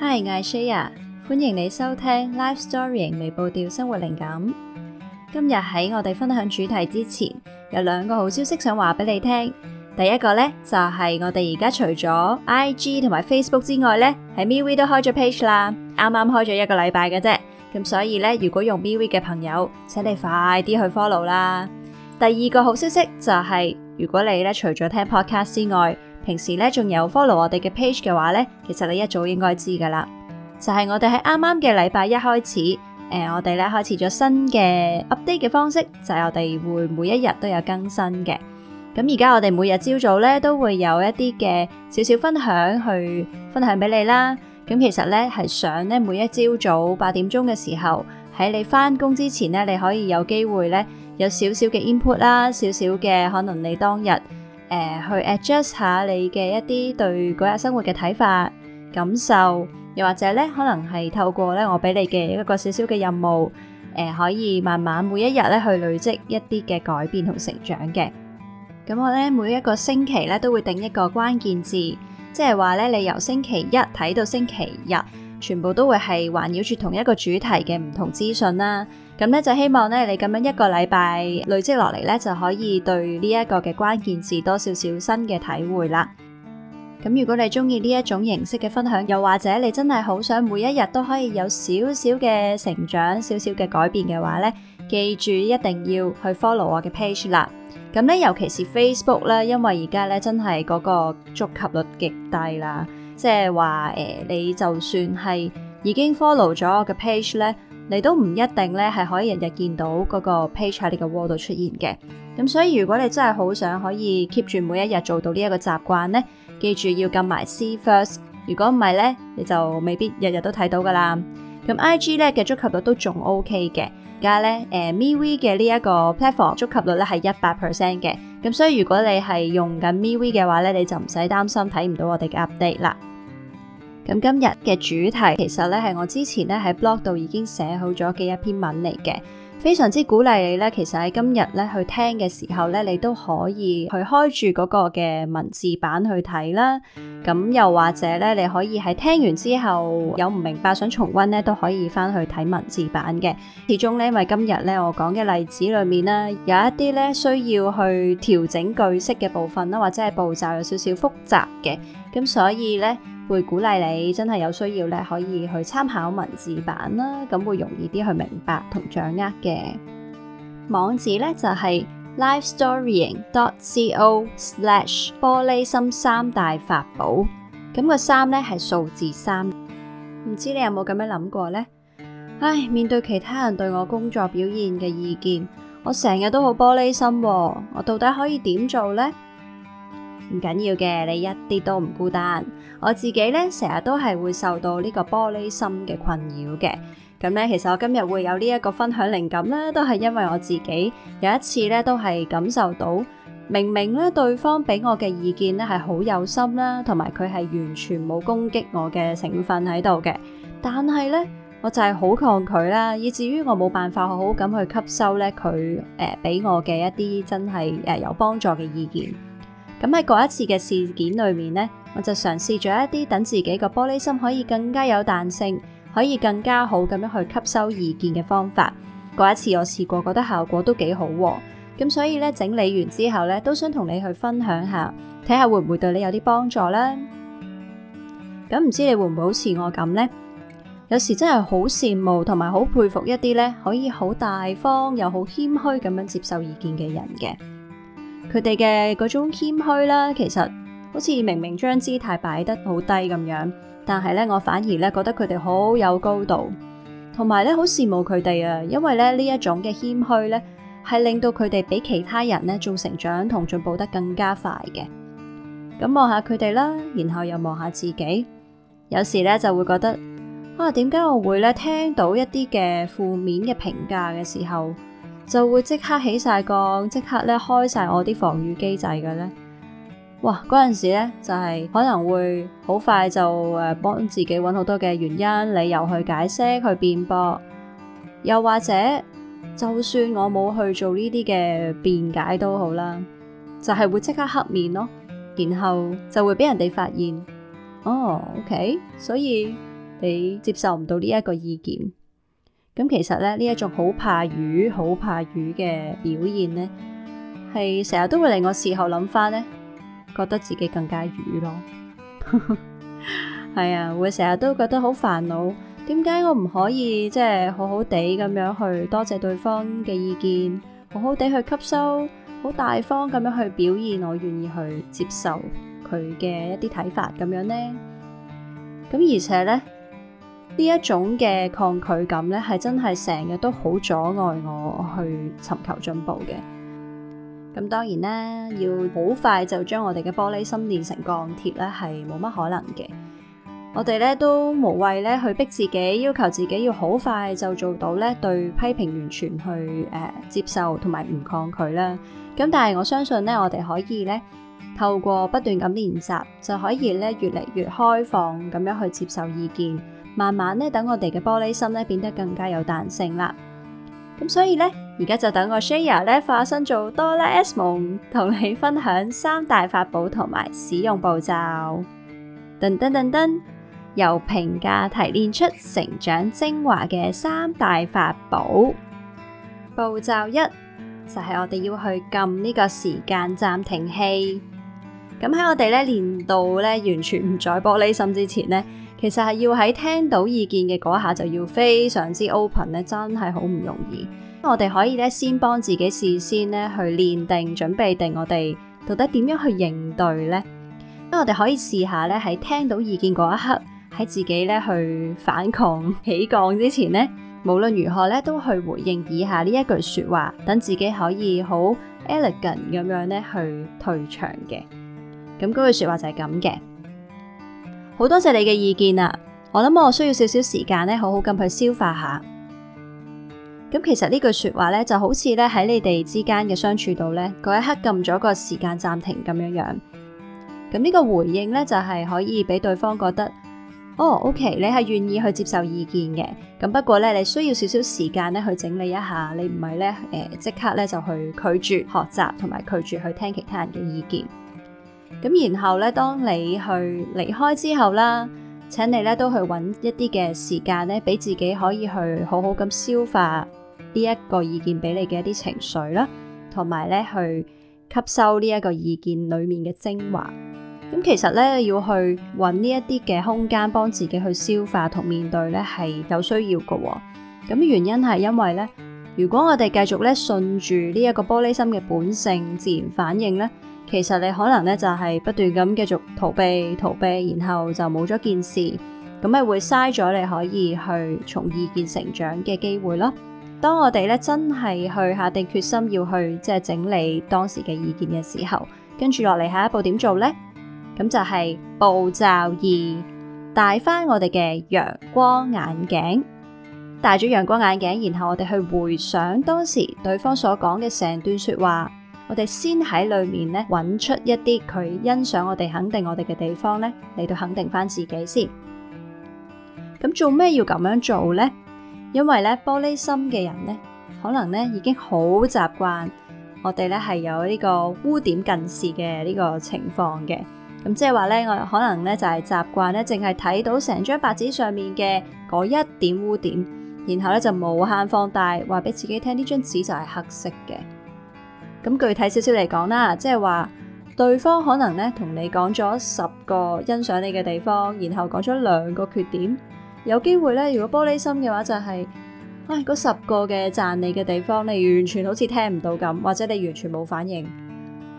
Hi，I'm Shaya，歡迎你收聽 Life Story 微步調生活靈感。今日喺我哋分享主題之前，有兩個好消息想話俾你聽。第一個呢，就係、是、我哋而家除咗 IG 同埋 Facebook 之外呢，喺 MeWe 都開咗 page 啦。啱啱開咗一個禮拜嘅啫，咁所以呢，如果用 MeWe 嘅朋友，請你快啲去 follow 啦。第二個好消息就係、是，如果你呢除咗聽 podcast 之外，平時咧，仲有 follow 我哋嘅 page 嘅話咧，其實你一早應該知㗎喇，就係我哋喺啱啱嘅禮拜一開始，誒、呃、我哋咧開始咗新嘅 update 嘅方式，就係我哋會每一日都有更新嘅。咁而家我哋每日朝早咧都會有一啲嘅少少分享去分享俾你啦。咁其實咧係想咧每一朝早八點鐘嘅時候，喺你返工之前咧，你可以有機會咧有少少嘅 input 啦，少少嘅可能你當日。誒，去 address 下你嘅一啲對嗰日生活嘅睇法、感受，又或者咧，可能係透過咧我俾你嘅一個少少嘅任務，誒，可以慢慢每一日咧去累積一啲嘅改變同成長嘅。咁我咧每一個星期咧都會定一個關鍵字，即係話咧你由星期一睇到星期日。全部都會係環繞住同一個主題嘅唔同資訊啦，咁咧就希望咧你咁樣一個禮拜累積落嚟咧，就可以對呢一個嘅關鍵字多少少新嘅體會啦。咁如果你中意呢一種形式嘅分享，又或者你真係好想每一日都可以有少少嘅成長、少少嘅改變嘅話咧，記住一定要去 follow 我嘅 page 啦。咁咧尤其是 Facebook 咧，因為而家咧真係嗰個觸及率極低啦。即係話誒，你就算係已經 follow 咗我嘅 page 咧，你都唔一定咧係可以日日見到嗰個 page 喺你嘅 wall 度出現嘅。咁所以如果你真係好想可以 keep 住每一日做到呢一個習慣咧，記住要撳埋 see first。如果唔係咧，你就未必日日都睇到噶啦。咁 IG 咧嘅觸及率都仲 OK 嘅，而家咧誒 MeWe 嘅呢一個 platform 觸及率咧係一百 percent 嘅。咁所以如果你係用緊 MeWe 嘅話呢，你就唔使擔心睇唔到我哋嘅 update 啦。咁今日嘅主題其實呢係我之前呢喺 blog 度已經寫好咗嘅一篇文嚟嘅。非常之鼓勵你咧，其實喺今日咧去聽嘅時候咧，你都可以去開住嗰個嘅文字版去睇啦。咁又或者咧，你可以喺聽完之後有唔明白，想重溫咧都可以翻去睇文字版嘅。始終咧，因為今日咧我講嘅例子裏面咧有一啲咧需要去調整句式嘅部分啦，或者係步驟有少少複雜嘅，咁所以咧。會鼓勵你，真係有需要咧，可以去參考文字版啦，咁會容易啲去明白同掌握嘅。網址呢就係、是、lifestorying dot co slash 玻璃心三大法寶。咁、那個三呢係數字三，唔知你有冇咁樣諗過呢？唉，面對其他人對我工作表現嘅意見，我成日都好玻璃心，哦，我到底可以點做呢？唔緊要嘅，你一啲都唔孤單。我自己咧，成日都係會受到呢個玻璃心嘅困擾嘅。咁咧，其實我今日會有呢一個分享靈感啦，都係因為我自己有一次咧，都係感受到明明咧對方俾我嘅意見咧係好有心啦，同埋佢係完全冇攻擊我嘅成分喺度嘅。但係咧，我就係好抗拒啦，以至於我冇辦法好好咁去吸收咧佢誒俾我嘅一啲真係誒、呃、有幫助嘅意見。咁喺嗰一次嘅事件裏面呢，我就嘗試咗一啲等自己個玻璃心可以更加有彈性，可以更加好咁樣去吸收意見嘅方法。嗰一次我試過，覺得效果都幾好喎。咁所以咧，整理完之後咧，都想同你去分享下，睇下會唔會對你有啲幫助呢。咁唔知你會唔會好似我咁呢？有時真係好羨慕同埋好佩服一啲咧，可以好大方又好謙虛咁樣接受意見嘅人嘅。佢哋嘅嗰種謙虛啦，其實好似明明將姿態擺得好低咁樣，但係咧，我反而咧覺得佢哋好有高度，同埋咧好羨慕佢哋啊！因為咧呢一種嘅謙虛咧，係令到佢哋比其他人咧做成長同進步得更加快嘅。咁望下佢哋啦，然後又望下自己，有時咧就會覺得啊，點解我會咧聽到一啲嘅負面嘅評價嘅時候，就會即刻起晒槓，即刻咧開晒我啲防御機制嘅咧，哇！嗰陣時咧就係可能會好快就誒幫自己搵好多嘅原因理由去解釋去辯駁，又或者就算我冇去做呢啲嘅辯解都好啦，就係會即刻黑面咯，然後就會俾人哋發現哦，OK，所以你接受唔到呢一個意見。咁其實咧，呢一種好怕魚、好怕魚嘅表現咧，係成日都會令我事後諗翻咧，覺得自己更加魚咯。係 啊，會成日都覺得好煩惱，點解我唔可以即係、就是、好好地咁樣去多謝對方嘅意見，好好地去吸收，好大方咁樣去表現我願意去接受佢嘅一啲睇法咁樣咧。咁而且咧。呢一種嘅抗拒感咧，係真係成日都好阻礙我去尋求進步嘅。咁當然啦，要好快就將我哋嘅玻璃心煉成鋼鐵咧，係冇乜可能嘅。我哋咧都無謂咧去逼自己，要求自己要好快就做到咧對批評完全去誒、呃、接受同埋唔抗拒啦。咁但係我相信咧，我哋可以咧透過不斷咁練習，就可以咧越嚟越開放咁樣去接受意見。慢慢咧，等我哋嘅玻璃心咧變得更加有彈性啦。咁所以咧，而家就等我 Shaya 咧化身做哆啦 S 夢，同你分享三大法寶同埋使用步驟。噔噔噔噔，由評價提煉出成長精華嘅三大法寶。步驟一就係我哋要去撳呢個時間暫停器。咁喺我哋咧練到咧完全唔再玻璃心之前咧。其實係要喺聽到意見嘅嗰下就要非常之 open 咧，真係好唔容易。我哋可以咧先幫自己事先咧去練定準備定，我哋到底點樣去應對呢？因為我哋可以試下咧喺聽到意見嗰一刻，喺自己咧去反抗起降之前咧，無論如何咧都去回應以下呢一句說話，等自己可以好 elegant 咁樣咧去退場嘅。咁嗰句說話就係咁嘅。好多謝你嘅意見呀，我諗我需要少少時間咧，好好咁去消化下。咁其實呢句說話咧，就好似咧喺你哋之間嘅相處度咧，嗰一刻撳咗個時間暫停咁樣樣。咁呢個回應咧，就係可以俾對方覺得，哦，OK，你係願意去接受意見嘅。咁不過咧，你需要少少時間咧去整理一下，你唔係咧誒即刻咧就去拒絕學習，同埋拒絕去聽其他人嘅意見。咁然後咧，當你去離開之後啦，請你咧都去揾一啲嘅時間咧，俾自己可以去好好咁消化呢一個意見俾你嘅一啲情緒啦，同埋咧去吸收呢一個意見裡面嘅精華。咁其實咧要去揾呢一啲嘅空間幫自己去消化同面對咧係有需要嘅喎、哦。咁原因係因為咧，如果我哋繼續咧順住呢一個玻璃心嘅本性，自然反應咧。其實你可能咧就係不斷咁繼續逃避逃避，然後就冇咗件事，咁咪會嘥咗你可以去從意見成長嘅機會咯。當我哋咧真係去下定決心要去即係整理當時嘅意見嘅時候，跟住落嚟下一步點做呢？咁就係步驟二，戴翻我哋嘅陽光眼鏡，戴咗陽光眼鏡，然後我哋去回想當時對方所講嘅成段說話。我哋先喺裏面咧揾出一啲佢欣賞我哋、肯定我哋嘅地方咧，嚟到肯定翻自己先。咁做咩要咁樣做呢？因為咧玻璃心嘅人咧，可能咧已經好習慣我，我哋咧係有呢個污點近視嘅呢個情況嘅。咁即係話咧，我可能咧就係、是、習慣咧，淨係睇到成張白紙上面嘅嗰一點污點，然後咧就無限放大，話俾自己聽呢張紙就係黑色嘅。咁具體少少嚟講啦，即係話對方可能咧同你講咗十個欣賞你嘅地方，然後講咗兩個缺點。有機會咧，如果玻璃心嘅話、就是，就係唉，嗰十個嘅讚你嘅地方，你完全好似聽唔到咁，或者你完全冇反應。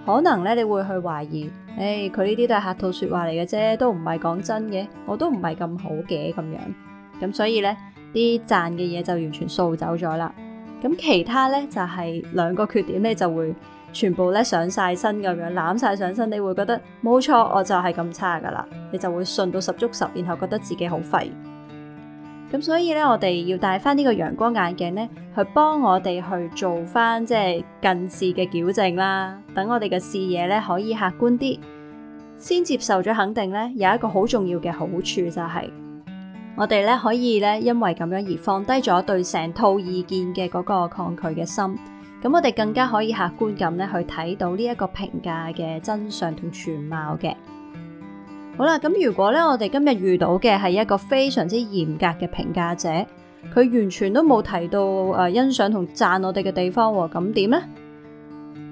可能咧，你會去懷疑，誒，佢呢啲都係客套說話嚟嘅啫，都唔係講真嘅，我都唔係咁好嘅咁樣。咁所以咧，啲讚嘅嘢就完全掃走咗啦。咁其他咧，就係兩個缺點咧，就會全部咧，上晒身咁樣攬晒上身，你會覺得冇錯，我就係咁差噶啦，你就會信到十足十，然後覺得自己好廢。咁所以咧，我哋要戴翻呢個陽光眼鏡咧，去幫我哋去做翻即係近視嘅矯正啦，等我哋嘅視野咧可以客觀啲，先接受咗肯定咧，有一個好重要嘅好處就係。我哋咧可以咧，因為咁樣而放低咗對成套意見嘅嗰個抗拒嘅心，咁我哋更加可以客觀咁咧去睇到呢一個評價嘅真相同全貌嘅。好啦，咁如果咧我哋今日遇到嘅係一個非常之嚴格嘅評價者，佢完全都冇提到誒、呃、欣賞同讚我哋嘅地方，咁點呢？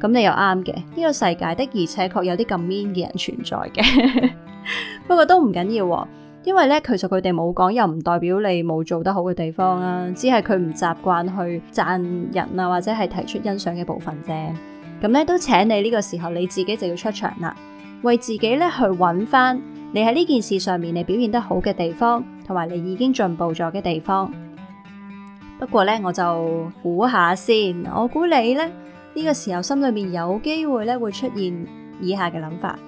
咁你又啱嘅，呢、這個世界的而且確有啲咁 mean 嘅人存在嘅， 不過都唔緊要緊，啊。因為咧，其實佢哋冇講，又唔代表你冇做得好嘅地方啦，只係佢唔習慣去讚人啊，或者係提出欣賞嘅部分啫。咁咧，都請你呢個時候你自己就要出場啦，為自己咧去搵翻你喺呢件事上面你表現得好嘅地方，同埋你已經進步咗嘅地方。不過咧，我就估下先，我估你咧呢個時候心裏面有機會咧會出現以下嘅諗法，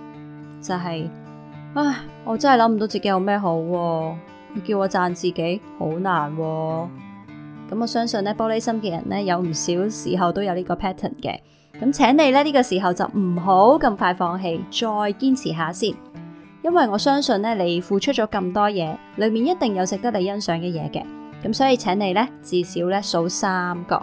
就係。唉，我真係諗唔到自己有咩好喎，你叫我讚自己好難喎。咁我相信咧，玻璃心嘅人咧，有唔少時候都有呢個 pattern 嘅。咁請你咧呢個時候就唔好咁快放棄，再堅持下先。因為我相信咧，你付出咗咁多嘢，裏面一定有值得你欣賞嘅嘢嘅。咁所以請你咧，至少咧數三個。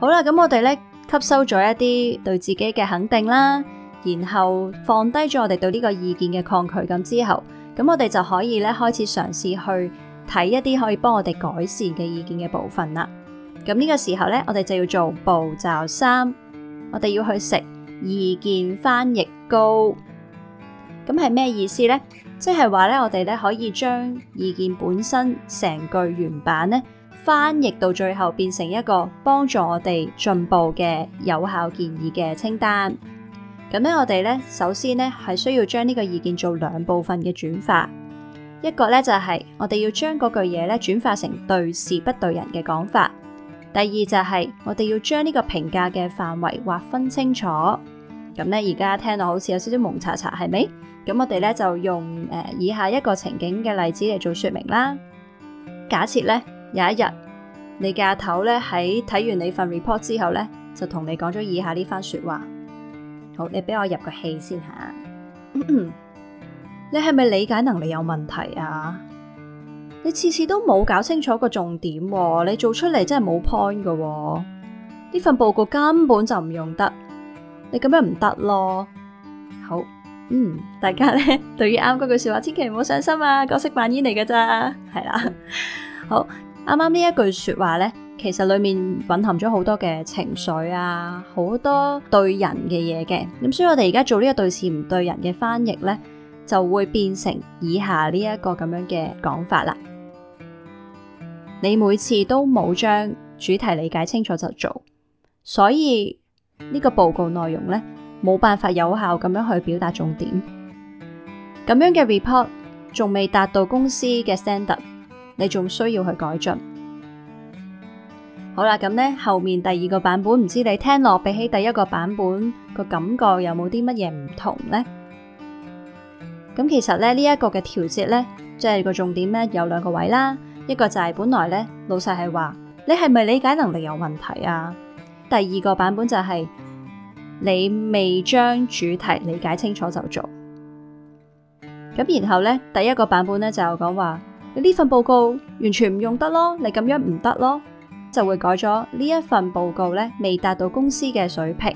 好啦，咁我哋咧吸收咗一啲對自己嘅肯定啦。然後放低咗我哋對呢個意見嘅抗拒感之後，咁我哋就可以咧開始嘗試去睇一啲可以幫我哋改善嘅意見嘅部分啦。咁呢個時候咧，我哋就要做步驟三，我哋要去食意見翻譯膏。咁係咩意思呢？即係話咧，我哋咧可以將意見本身成句原版咧翻譯到最後，變成一個幫助我哋進步嘅有效建議嘅清單。咁咧，我哋咧首先咧係需要將呢個意見做兩部分嘅轉化，一個咧就係我哋要將嗰句嘢咧轉化成對事不對人嘅講法；第二就係我哋要將呢個評價嘅範圍劃分清楚。咁咧，而家聽落好似有少少蒙查查，係咪？咁我哋咧就用誒以下一個情景嘅例子嚟做說明啦。假設咧有一日，你嘅阿頭咧喺睇完你份 report 之後咧，就同你講咗以下呢番說話。好，你俾我入個戲先吓、啊咳咳。你係咪理解能力有問題啊？你次次都冇搞清楚個重點，啊，你做出嚟，真係冇 point 噶，啊。呢份報告根本就唔用得，你咁樣唔得咯。好，嗯，大家咧，對於啱嗰句說話，千祈唔好上心啊，角色扮演嚟噶咋，係啦。 好，啱啱呢一句說話咧。其實裡面隱含咗好多嘅情緒啊，好多對人嘅嘢嘅，咁所以我哋而家做呢個對事唔對人嘅翻譯咧，就會變成以下呢一個咁樣嘅講法啦。你每次都冇將主題理解清楚就做，所以呢個報告內容咧冇辦法有效咁樣去表達重點。咁樣嘅 report 仲未達到公司嘅 standard，你仲需要去改進。好啦，咁呢後面第二個版本，唔知你聽落比起第一個版本個感覺有冇啲乜嘢唔同呢？咁其實咧呢一個嘅調節呢，即係個重點呢，有兩個位啦，一個就係本來呢老細係話你係咪理解能力有問題啊？第二個版本就係你未將主題理解清楚就做咁，然後呢，第一個版本呢，就講話你呢份報告完全唔用得咯，你咁樣唔得咯。就會改咗呢一份報告咧，未達到公司嘅水平，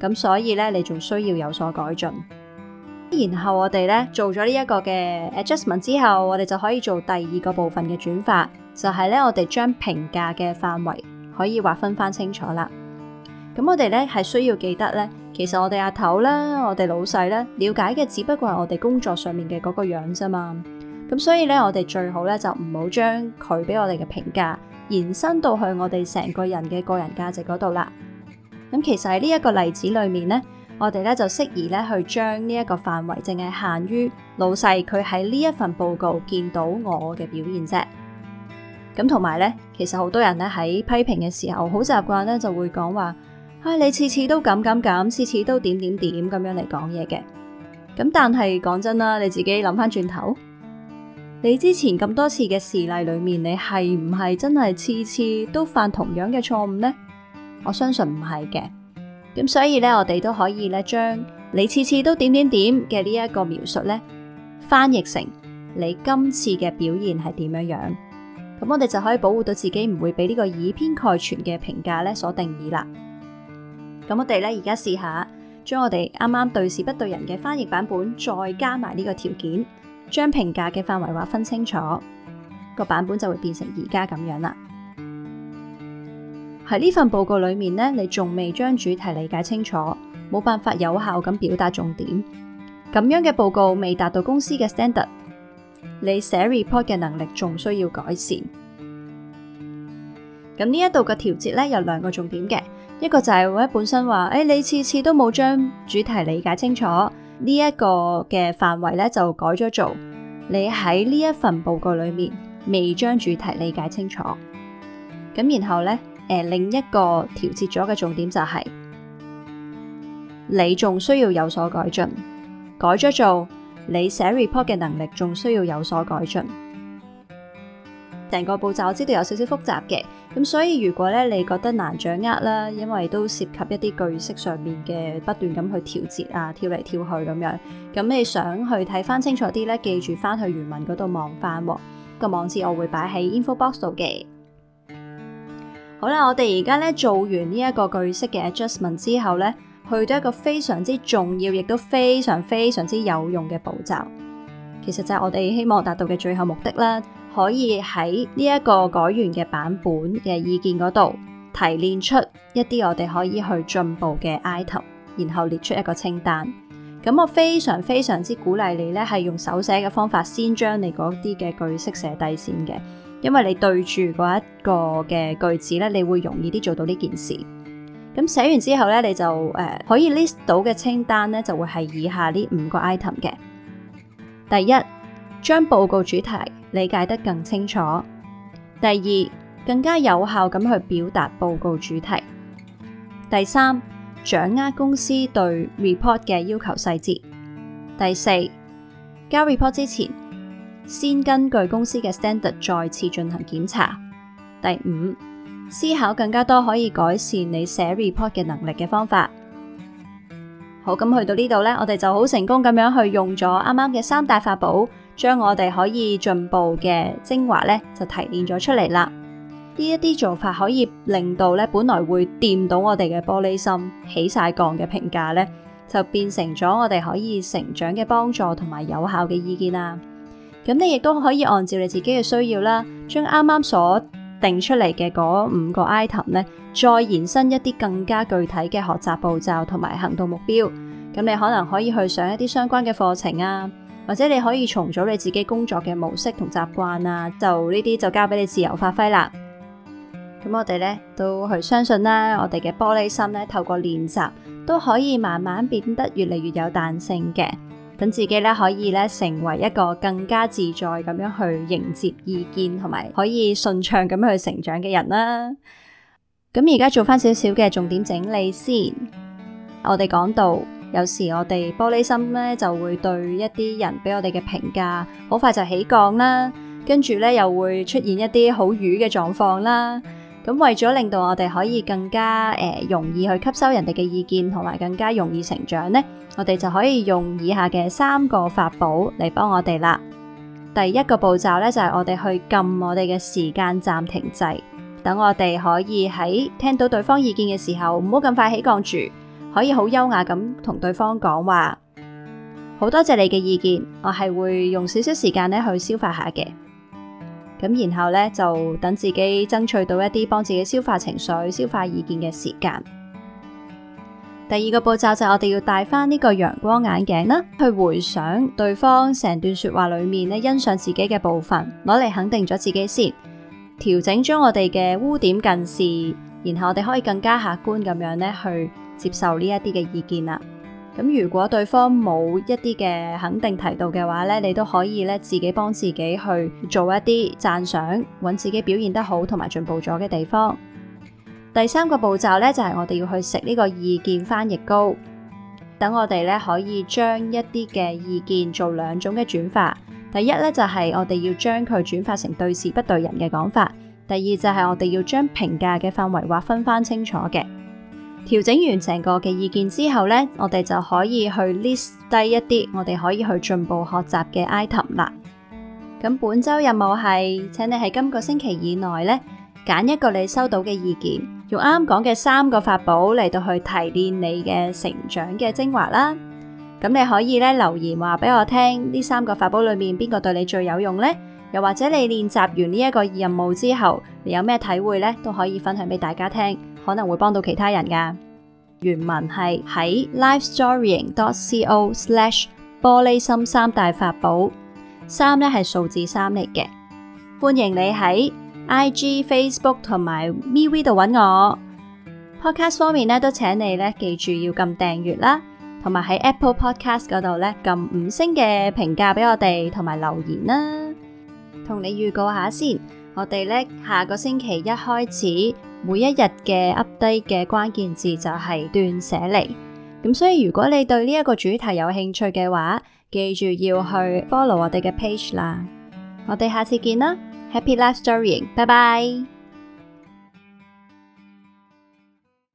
咁所以咧，你仲需要有所改進。然後我哋咧做咗呢一個嘅 adjustment 之後，我哋就可以做第二個部分嘅轉發，就係咧我哋將評價嘅範圍可以劃分翻清楚啦。咁我哋咧係需要記得咧，其實我哋阿頭啦，我哋老細咧了解嘅只不過係我哋工作上面嘅嗰個樣啫嘛。咁所以咧，我哋最好咧就唔好將佢俾我哋嘅評價延伸到去我哋成個人嘅個人價值嗰度啦。咁其實喺呢一個例子裏面呢，我哋咧就適宜咧去將呢一個範圍淨係限於老細佢喺呢一份報告見到我嘅表現啫。咁同埋呢，其實好多人咧喺批評嘅時候，好習慣咧就會講話：唉，啊，你次次都咁咁咁，次次都點點點咁樣嚟講嘢嘅。咁但係講真啦，你自己諗翻轉頭。你之前咁多次嘅事例裏面，你係唔係真係次次都犯同樣嘅錯誤呢？我相信唔係嘅。咁所以咧，我哋都可以咧，將你次次都點點點嘅呢一個描述咧，翻譯成你今次嘅表現係點樣樣。咁我哋就可以保護到自己唔會俾呢個以偏概全嘅評價咧所定義啦。咁我哋咧，而家試下，將我哋啱啱對事不對人嘅翻譯版本再加埋呢個條件。將評價嘅範圍劃分清楚，個版本就會變成而家咁樣啦。喺呢份報告裏面呢你仲未將主題理解清楚，冇辦法有效咁表達重點。咁樣嘅報告未達到公司嘅 standard，你寫 report 嘅能力仲需要改善。咁呢一度嘅調節呢，有兩個重點嘅，一個就係、是、我本身話，誒、哎、你次次都冇將主題理解清楚。呢一個嘅範圍咧就改咗做，你喺呢一份報告裏面未將主題理解清楚。咁然後咧，誒、呃、另一個調節咗嘅重點就係、是，你仲需要有所改進。改咗做，你寫 report 嘅能力仲需要有所改進。成個步驟我知道有少少複雜嘅，咁所以如果咧你覺得難掌握啦，因為都涉及一啲句式上面嘅不斷咁去調節啊，跳嚟跳去咁樣，咁你想去睇翻清楚啲咧，記住翻去原文嗰度望翻，個網址我會擺喺 info box 度嘅。好啦，我哋而家咧做完呢一個句式嘅 adjustment 之後咧，去到一個非常之重要，亦都非常非常之有用嘅步驟，其實就係我哋希望達到嘅最後目的啦。可以喺呢一個改完嘅版本嘅意見嗰度，提煉出一啲我哋可以去進步嘅 item，然後列出一個清單。咁我非常非常之鼓勵你咧，係用手寫嘅方法先將你嗰啲嘅句式寫低先嘅，因為你對住嗰一個嘅句子咧，你會容易啲做到呢件事。咁寫完之後咧，你就誒、呃、可以 list 到嘅清單咧，就會係以下呢五個 item 嘅。第一，將報告主題理解得更清楚。第二，更加有效咁去表達報告主題。第三，掌握公司對 report 嘅要求細節。第四，交 report 之前，先根據公司嘅 standard 再次進行檢查。第五，思考更加多可以改善你寫 report 嘅能力嘅方法。好，咁、嗯、去到呢度咧，我哋就好成功咁樣去用咗啱啱嘅三大法寶。將我哋可以進步嘅精華咧，就提煉咗出嚟啦。呢一啲做法可以令到咧，本來會掂到我哋嘅玻璃心、起晒槓嘅評價咧，就變成咗我哋可以成長嘅幫助同埋有效嘅意見啦。咁你亦都可以按照你自己嘅需要啦，將啱啱所定出嚟嘅嗰五個 item 咧，再延伸一啲更加具體嘅學習步驟同埋行動目標。咁你可能可以去上一啲相關嘅課程啊。或者你可以重組你自己工作嘅模式同習慣啊，就呢啲就交俾你自由發揮啦。咁我哋咧都去相信啦，我哋嘅玻璃心咧透過練習都可以慢慢變得越嚟越有彈性嘅，等自己咧可以咧成為一個更加自在咁樣去迎接意見，同埋可以順暢咁樣去成長嘅人啦。咁而家做翻少少嘅重點整理先，我哋講到。有時我哋玻璃心咧，就會對一啲人俾我哋嘅評價好快就起降啦，跟住咧又會出現一啲好瘀嘅狀況啦。咁為咗令到我哋可以更加誒、呃、容易去吸收人哋嘅意見，同埋更加容易成長咧，我哋就可以用以下嘅三個法寶嚟幫我哋啦。第一個步驟咧就係、是、我哋去撳我哋嘅時間暫停掣，等我哋可以喺聽到對方意見嘅時候，唔好咁快起降住。可以好優雅咁同對方講話，好多謝你嘅意見，我係會用少少時間咧去消化下嘅。咁然後咧就等自己爭取到一啲幫自己消化情緒、消化意見嘅時間。第二個步驟就係我哋要戴翻呢個陽光眼鏡啦，去回想對方成段說話裏面咧欣賞自己嘅部分，攞嚟肯定咗自己先，調整咗我哋嘅污點近視，然後我哋可以更加客觀咁樣咧去。接受呢一啲嘅意見啦。咁如果對方冇一啲嘅肯定提到嘅話呢，你都可以咧自己幫自己去做一啲讚賞，揾自己表現得好同埋進步咗嘅地方。第三個步驟呢，就係我哋要去食呢個意見翻譯膏，等我哋咧可以將一啲嘅意見做兩種嘅轉化。第一呢，就係我哋要將佢轉化成對事不對人嘅講法；第二就係我哋要將評價嘅範圍劃分翻清楚嘅。調整完成個嘅意見之後呢，我哋就可以去 list 低一啲我哋可以去進步學習嘅 item 啦。咁本周任務係，請你喺今個星期以內呢揀一個你收到嘅意見，用啱啱講嘅三個法寶嚟到去提煉你嘅成長嘅精華啦。咁你可以呢，留言話俾我聽，呢三個法寶裏面邊個對你最有用呢？又或者你練習完呢一個任務之後，你有咩體會呢？都可以分享俾大家聽。可能會幫到其他人噶。原文係喺 LifeStorying.co/slash 玻璃心三大法寶。三咧係數字三嚟嘅。歡迎你喺 IG、Facebook 同埋 MeWe 度揾我。Podcast 方面咧都請你咧記住要撳訂閱啦，同埋喺 Apple Podcast 嗰度咧撳五星嘅評價俾我哋，同埋留言啦。同你預告下先。我哋咧下個星期一開始，每一日嘅 update 嘅關鍵字就係斷捨離。咁所以如果你對呢一個主題有興趣嘅話，記住要去 follow 我哋嘅 page 啦。我哋下次見啦，Happy Life Story，拜拜。